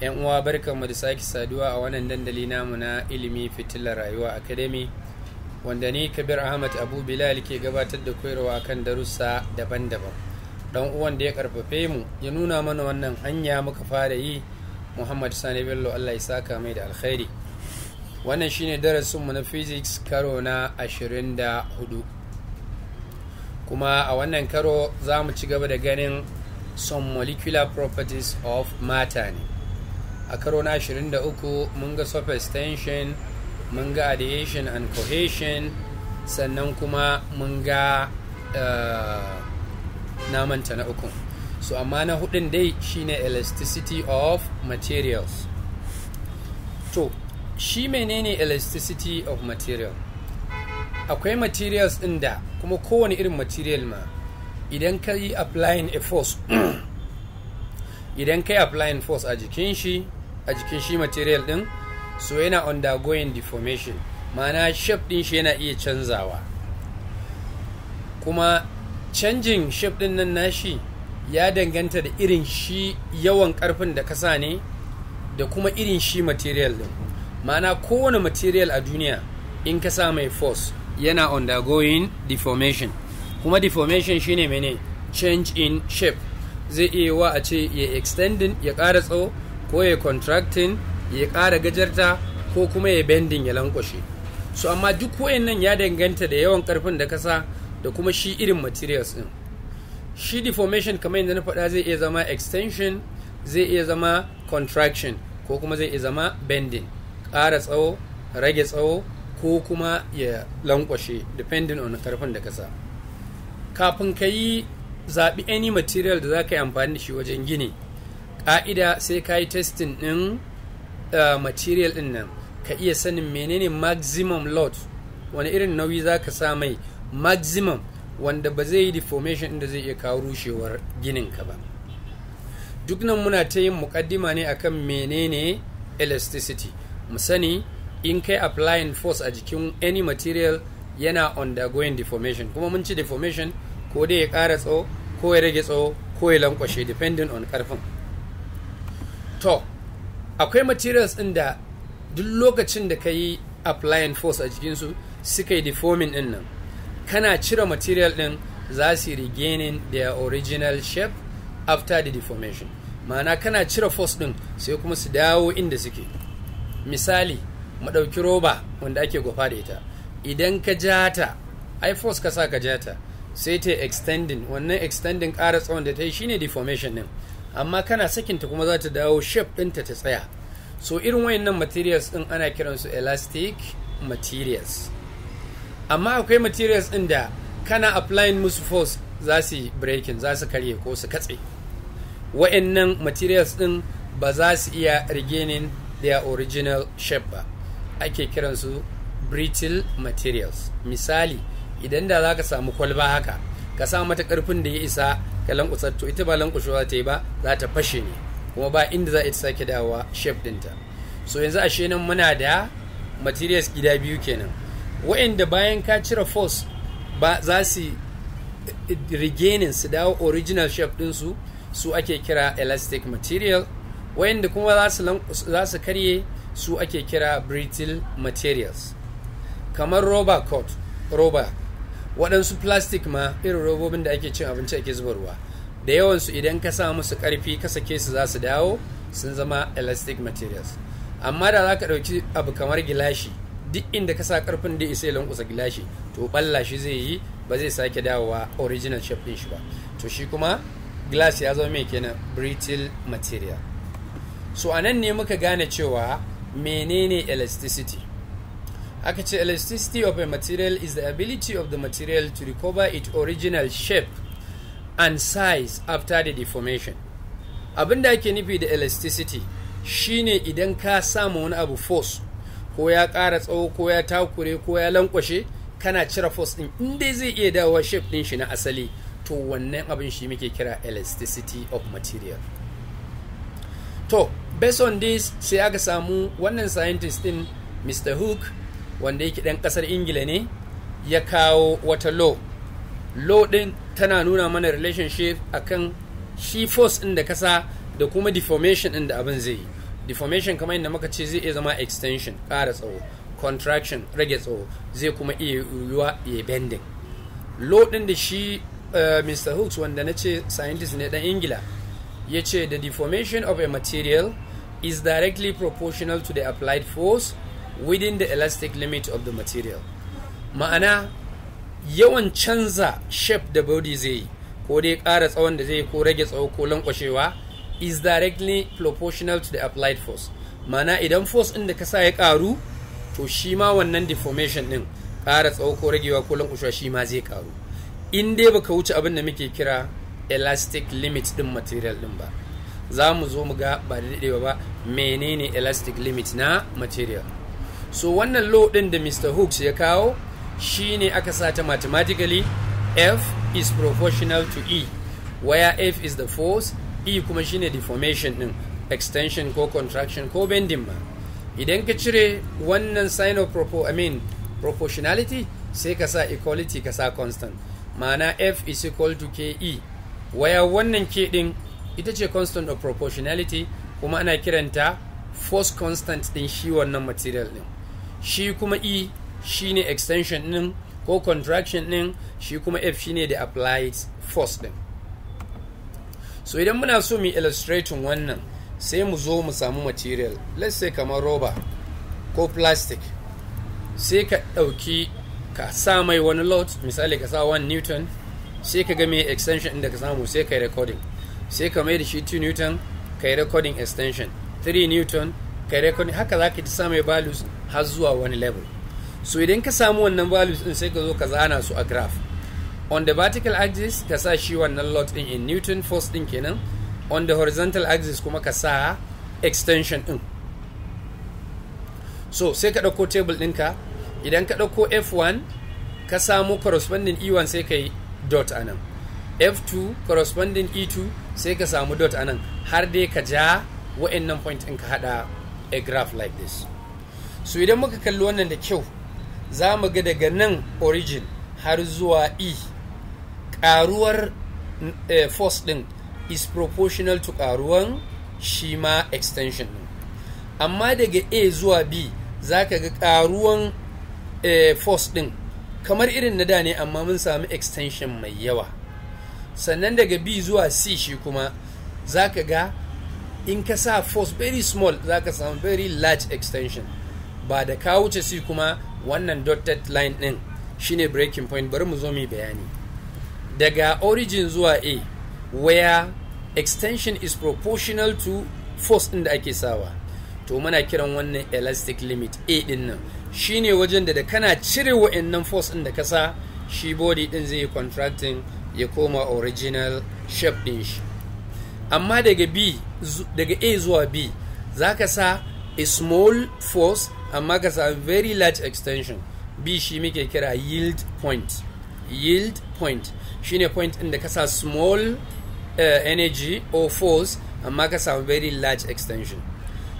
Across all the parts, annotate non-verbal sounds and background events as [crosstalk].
yan uwa barkanmu da sake saduwa a wannan dandali namu na ilimi fitilar rayuwa academy wanda ni kabir ahmad abu bilal ke gabatar da koyarwa kan darussa daban-daban dan uwan da ya karfafe mu ya nuna mana wannan hanya muka fara yi muhammad sani bello allah ya saka mai da alkhairi wannan shine darasin mu na physics karo na 24 kuma a wannan karo za mu ci gaba da ganin some molecular properties of matter ne a karo na 23 mun ga tension mun ga adhesion and cohesion sannan kuma mun ga eh, namanta na uku so amma na hudun dai shine elasticity of materials to shi menene elasticity of material akwai materials ɗin da kuma kowane irin material ma idan ka yi applying a force [clears throat] idan ka yi applying force a jikin shi a jikin shi material din so yana undergoing deformation ma'ana shape din shi yana iya canzawa kuma canjin shape din nan nashi ya danganta da irin shi yawan karfin da kasa ne da kuma irin shi material din ma'ana kowane material a duniya in kasa mai force yana undergoing deformation kuma deformation shine mene change in shape zai iya wa a ce ya extending ya kara tsawo ko ya contracting ya ƙara gajarta ko kuma ya bending ya lankwashe su amma duk nan ya danganta da yawan karfin da kasa da kuma shi irin materials din shi deformation kamar yadda na faɗa zai iya zama extension zai iya zama contraction ko kuma zai iya zama bending ƙara tsawo rage tsawo ko kuma ya lankwashe depending on karfin da kasa kafin ka yi zaɓi any material da za ka yi amfani da shi wajen gini ƙa'ida sai ka yi testing ɗin eh, material ɗin nan ka iya sanin menene maximum load wani irin nauyi za ka sa mai maximum wanda ba zai yi deformation inda zai iya kawo rushewar ginin ka ba duk nan muna ta yin mukaddima ne akan menene elasticity mu sani in kai applying force a jikin any material yana undergoing deformation kuma mun ci deformation ko dai ya ƙara tsawo ko ya rage tsawo ko ya lankwashe depending on karfin to akwai materials ɗin da duk lokacin da ka yi applying force a jikinsu suka yi deforming ɗin nan kana cire material ɗin za su regaining their original shape after the deformation ma'ana kana cire force ɗin sai kuma su dawo inda suke misali maɗauki roba wanda ake gwafa da ita idan ka ja ai force ka sa ka ja ta sai ta extending wannan extending ƙara tsawon da ta yi shine deformation ɗin amma kana sakinta kuma za ta dawo shape ɗinta ta tsaya so irin wayannan materials ɗin ana kiransu elastic materials amma akwai materials ɗin da kana applying musu force za su yi breaking za su karye ko su katse wayannan materials ɗin ba za su iya regaining their original shape ba ake kiransu brittle materials misali idan da zaka samu kwalba haka ka sa mata karfin da ya isa Ka lankusa to ita ba za ta yi ba za ta fashe ne kuma ba inda za a sake dawowa shef dinta so yanzu ashe nan muna da materials gida biyu kenan wa'inda bayan ka cire force ba za su regaining su dawo original shape ɗinsu su ake kira elastic material wayanda kuma za su karye su ake kira brittle materials kamar rubber coat rubber waɗansu plastic ma irin robobin da ake cin abinci ake zubarwa da yawansu idan ka sa musu ƙarfi ka sake su za su dawo sun zama elastic materials amma da za ka ɗauki abu kamar gilashi duk inda ka sa ƙarfin da isa lankusa gilashi to ɓalla shi zai yi ba zai sake dawowa original shape ɗin shi ba to shi kuma glass ya zama mai kenan brittle material so anan ne muka gane cewa menene elasticity aka ce elasticity of a material is the ability of the material to recover its original shape and size after the deformation abinda ake nufi da elasticity shine idan ka samu wani abu force ko ya kara tsawo ko ya takure ko ya lankwashe kana cire force din inda zai iya dawowa shape din shi na asali to wannan abin shi muke kira elasticity of material to based on this sai aka samu wannan scientist din mr hook wanda yake ɗan ƙasar ingila ne ya kawo wata law law ɗin tana nuna mana relationship akan shi force ɗin da kasa da kuma deformation ɗin da abin zai yi deformation kamar yadda muka ce zai iya zama extension ƙara tsawo contraction rage tsawo zai kuma iya yiwuwa ya bending law ɗin da shi eh, mr hooks wanda na ce scientist ne ɗan ingila ya ce the deformation of a material is directly proportional to the applied force within the elastic limit of the material ma'ana yawan canza shape da body zai yi ko dai ƙara tsawon da zai ko rage tsawo ko lankwashewa is directly proportional to the applied force ma'ana idan force ɗin da ka sa ya ƙaru to shi ma wannan deformation ɗin ƙara tsawo ko ragewa ko lankwashewa shi ma zai ƙaru in dai baka wuce abin da muke kira elastic limit ɗin material ɗin ba za mu zo mu ga ba da daɗewa ba menene elastic limit na material so wannan law ɗin da mr hooks ya kawo shine aka sa ta mathematically f is proportional to e where f is the force e kuma shine deformation ɗin extension ko contraction ko bending ma idan ka cire wannan sign of propo i mean proportionality sai ka sa equality ka sa constant mana f is equal to ke waya wannan ke din ita ce constant of proportionality kuma ana kiranta force constant ɗin shi wannan material ɗin. shi kuma e shi ne extension din ko contraction din shi kuma f shi ne da applied force din so idan muna so mu illustrating wannan sai mu zo mu samu material let's say kamar roba ko plastic sai ka ɗauki ka sa mai wani load misali ka sa 1 newton sai ka ga mai extension da ka samu sai ka yi recording sai ka mai da shi 2 newton ka yi recording extension 3 newton ka yi recording haka za ka ji sa mai values har zuwa wani level so idan ka samu wannan values din sai ka zo ka zana su a graph on the vertical axis ka sa shi wannan lot din in newton force din kenan on the horizontal axis kuma ka sa extension din so sai ka ɗauko table ɗinka idan ka ɗauko f1 ka samu corresponding e1 sai ka yi dot anan f2 corresponding e2 sai ka samu dot anan har dai ka ja wa'annan point ɗin ka haɗa a graph like this so idan muka kalli wannan da kyau za mu ga daga nan origin har zuwa e ƙaruwar eh, force din is proportional to karuwan shi ma extension amma daga a zuwa b za ka ga karuwan eh, force din, kamar irin na da ne amma mun sami extension mai yawa sannan daga b zuwa c shi kuma za ka ga in ka sa force very small za ka samu very large extension ba da ka wuce si kuma wannan dotted line din shine breaking point bari mu zo mu bayani daga origin zuwa a where extension is proportional to force ɗin da ake sawa to muna kiran wannan elastic limit a din nan shine wajen da kana cire wa'annan force ɗin da ka sa shi body ɗin zai contracting ya koma original shape ɗin shi amma daga daga a zuwa b za ka sa a small force amma ka sami very large extension b shi muke kira yield point yield point shine point ɗin da ka sa small uh, energy or force amma ka samu very large extension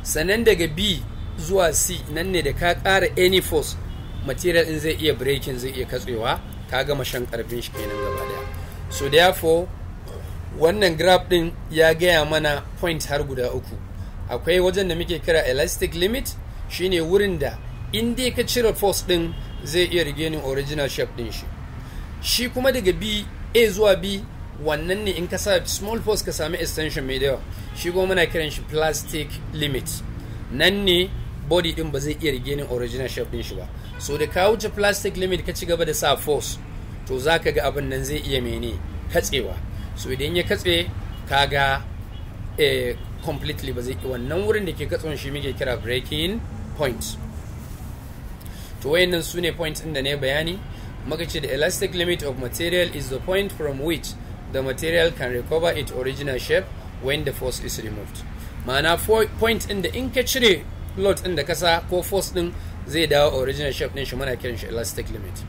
sannan daga b zuwa c nan ne da ka kara any force material in zai iya breaking zai iya katsewa ka gama shan karfin shi kenan gaba daya so therefore wannan graph din ya gaya mana point har guda uku akwai wajen da muke kira elastic limit shine wurin da inda ka cire force din zai iya regaining original shape din shi shi kuma daga b a zuwa b wannan ne in ka sa small force ka sami extension mai yawa shi kuma muna kiran shi plastic limit nan ne body din ba zai iya regaining original shape din shi ba so da ka wuce plastic limit ka ci gaba da sa force to za ka ga abin nan zai iya mene katsewa so idan ya katse ka ga eh, completely ba zai wannan wurin da ke katsuwan shi muke kira breaking point to wayannan su ne points ɗin da ne bayani muka ce the elastic limit of material is the point from which the material can recover its original shape when the force is removed ma'ana point ɗin da in ka cire load ɗin da kasa ko force ɗin zai dawo original shape ɗin shi muna kiran shi elastic limit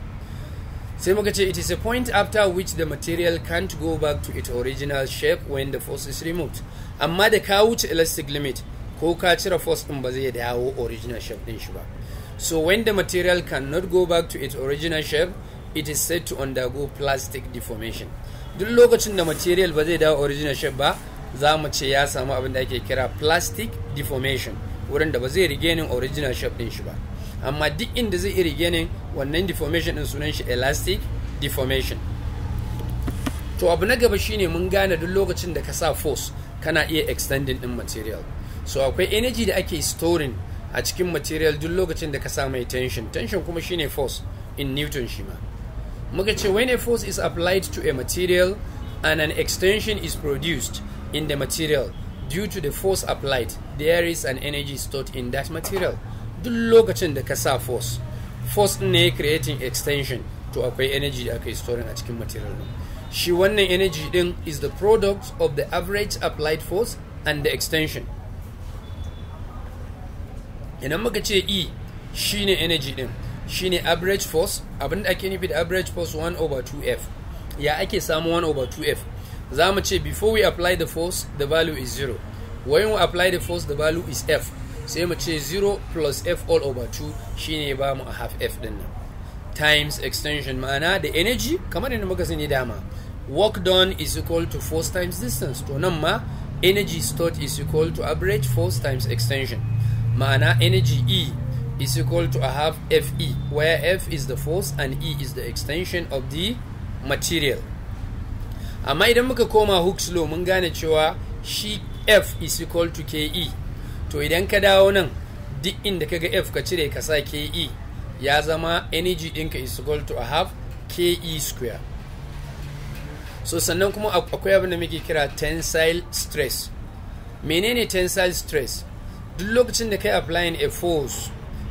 sai muka ce it is a point after which the material can't go back to its original shape when the force is removed amma da ka wuce elastic limit ko ka cire force ɗin ba zai dawo original shape din shi ba so when the material cannot go back to its original shape it is said to undergo plastic deformation duk lokacin da material ba zai dawo original shape ba za mu ce ya samu abin da ake kira plastic deformation wurin da ba zai ni original shape ɗin shi ba amma duk inda zai iri ne wannan deformation din sunan shi elastic deformation to abu na gaba shine mun gane duk lokacin da ka sa force kana iya extending din material so akwai energy da ake storing a cikin material duk lokacin da ka sa mai tension tension kuma shine force in newton shi ma muka ce when a force is applied to a material and an extension is produced in the material due to the force applied there is an energy stored in that material duk lokacin da ka sa force force ne creating extension to akwai energy da aka yi storing a cikin material din shi wannan energy din is the product of the average applied force and the extension idan muka ce e shine energy din shine average force abinda ake nufi da average force 1 over 2f ya ake samu 1 over 2f za mu ce before we apply the force the value is 0 when we apply the force the value is f sai mu ce 0 plus f all over 2 shine ba mu a half f din nan times extension ma'ana da energy kamar yadda muka sani dama work done is equal to force times distance to nan ma energy stored is equal to average force times extension ma'ana energy e is equal to a half E where f is the force and e is the extension of the material amma idan muka koma hooks law mun gane cewa shi f is equal to ke e. to idan ka dawo nan duk inda ka ga f ka cire ka sa ke ya zama energy ɗinka is equal to a half ke square so sannan kuma akwai abin da muke kira tensile stress menene tensile stress duk lokacin da kai applying a force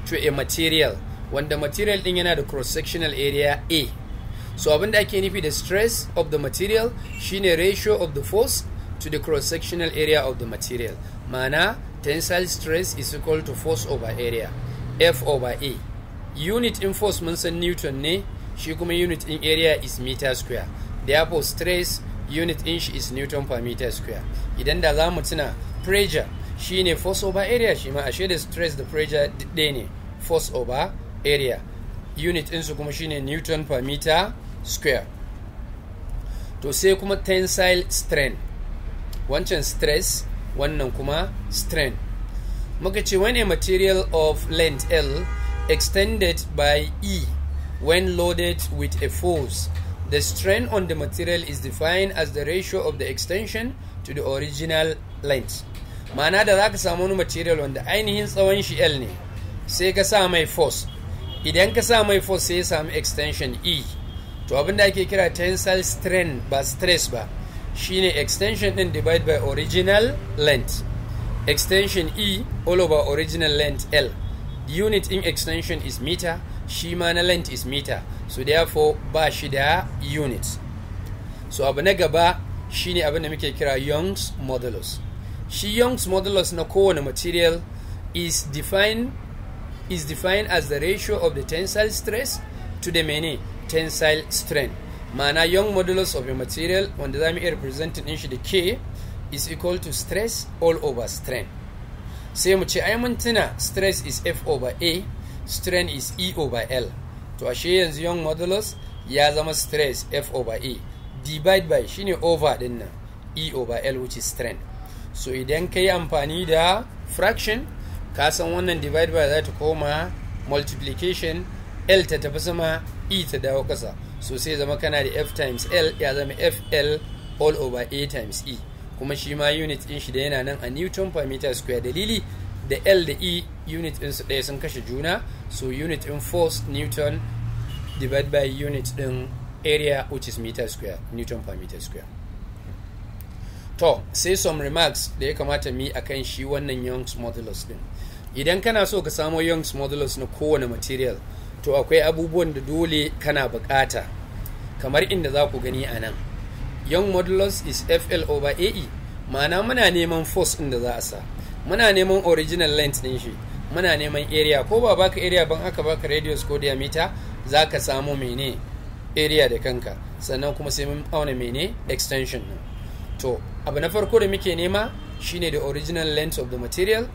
to a material wanda material din yana da cross sectional area a so abin da ake nufi da stress of the material shine ratio of the force to the cross sectional area of the material mana. tensile stress is equal to force over area f over a unit in force mun san newton ne shi kuma unit in area is meter square therefore stress unit in shi is newton per meter square idan da za mu tuna pressure shine force over area shi ma ashe da stress da pressure ɗaya ne force over area unit in su kuma shine newton per meter square to sai kuma tensile strain wancan stress wannan kuma strain muka ce when a material of length l extended by e when loaded with a force the strain on the material is defined as the ratio of the extension to the original length ma'ana da za ka samu wani material wanda ainihin tsawon shi l ne sai ka sa mai force idan ka sa mai force sai ya samu extension e to abinda ake kira tensile strain ba stress ba shine extension din divide by original length extension e all over original length l the unit in extension is meter shi ma na length is meter so therefore ba shi da unit so abu na gaba shine abin da muke kira young's modulus shi young's modulus na kowane material is defined is defined as the ratio of the tensile stress to the many tensile strength ma'ana young modulus of a material wanda za mu iya representing din shi da k is equal to stress all over strain sai mu ce ai mun tuna stress is f over a strain is e over l to ashe yanzu young modulus ya zama stress f over a divide by shine over din nan e over l which is strain so idan ka yi amfani da fraction ka san wannan divide by za ta koma multiplication l ta tafi sama e ta dawo ƙasa so sai zama kana da f times l ya zama fl all over a times e kuma shi ma unit din shi da yana nan a newton per meter square dalili da l da e unit din su ɗaya sun kashe juna so unit in force newton divided by unit din area which is meter square newton per meter square to say some remarks da ya kamata mi akan shi wannan young's modulus din idan kana so ka samo young's modulus na kowane material to akwai abubuwan da dole kana bukata kamar inda za ku gani a nan young modulus is fl over ae ma'ana muna neman force inda za a sa muna neman original length din shi muna neman area ko ba baka area ban haka baka radius ko diameter za ka samu mene area da kanka sannan kuma sai mun auna mene extension na. to abu na farko da muke nema shine the original length of the material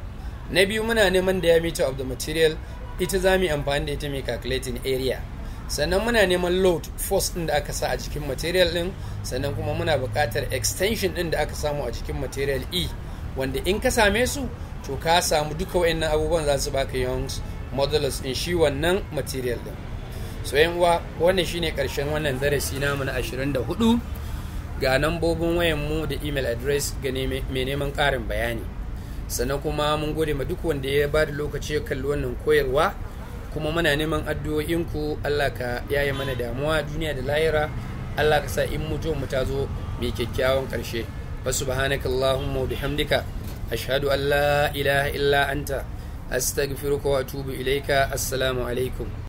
na biyu muna neman diameter of the material ita za mu amfani da ita mai calculating area sannan muna neman load force ɗin da aka sa a jikin material din sannan kuma muna buƙatar extension ɗin da aka samu a cikin material e wanda in ka same su to ka samu duka wayannan abubuwan za su baka youngs modulus ɗin shi wannan material din so yan uwa wannan shine karshen wannan darasi namu na 24 ga nambobin wayan mu da email address ga neman ƙarin bayani sannan kuma mun gode ma duk wanda ya ba da lokaci ya kalli wannan koyarwa kuma muna neman addu'o'inku Allah ka yaye mana damuwa duniya da lahira Allah ka sa in mutum mu ta zo mai kyakkyawan karshe fa subhanaka allahumma wa bihamdika ashhadu an la ilaha illa anta astaghfiruka wa atubu ilaika assalamu alaikum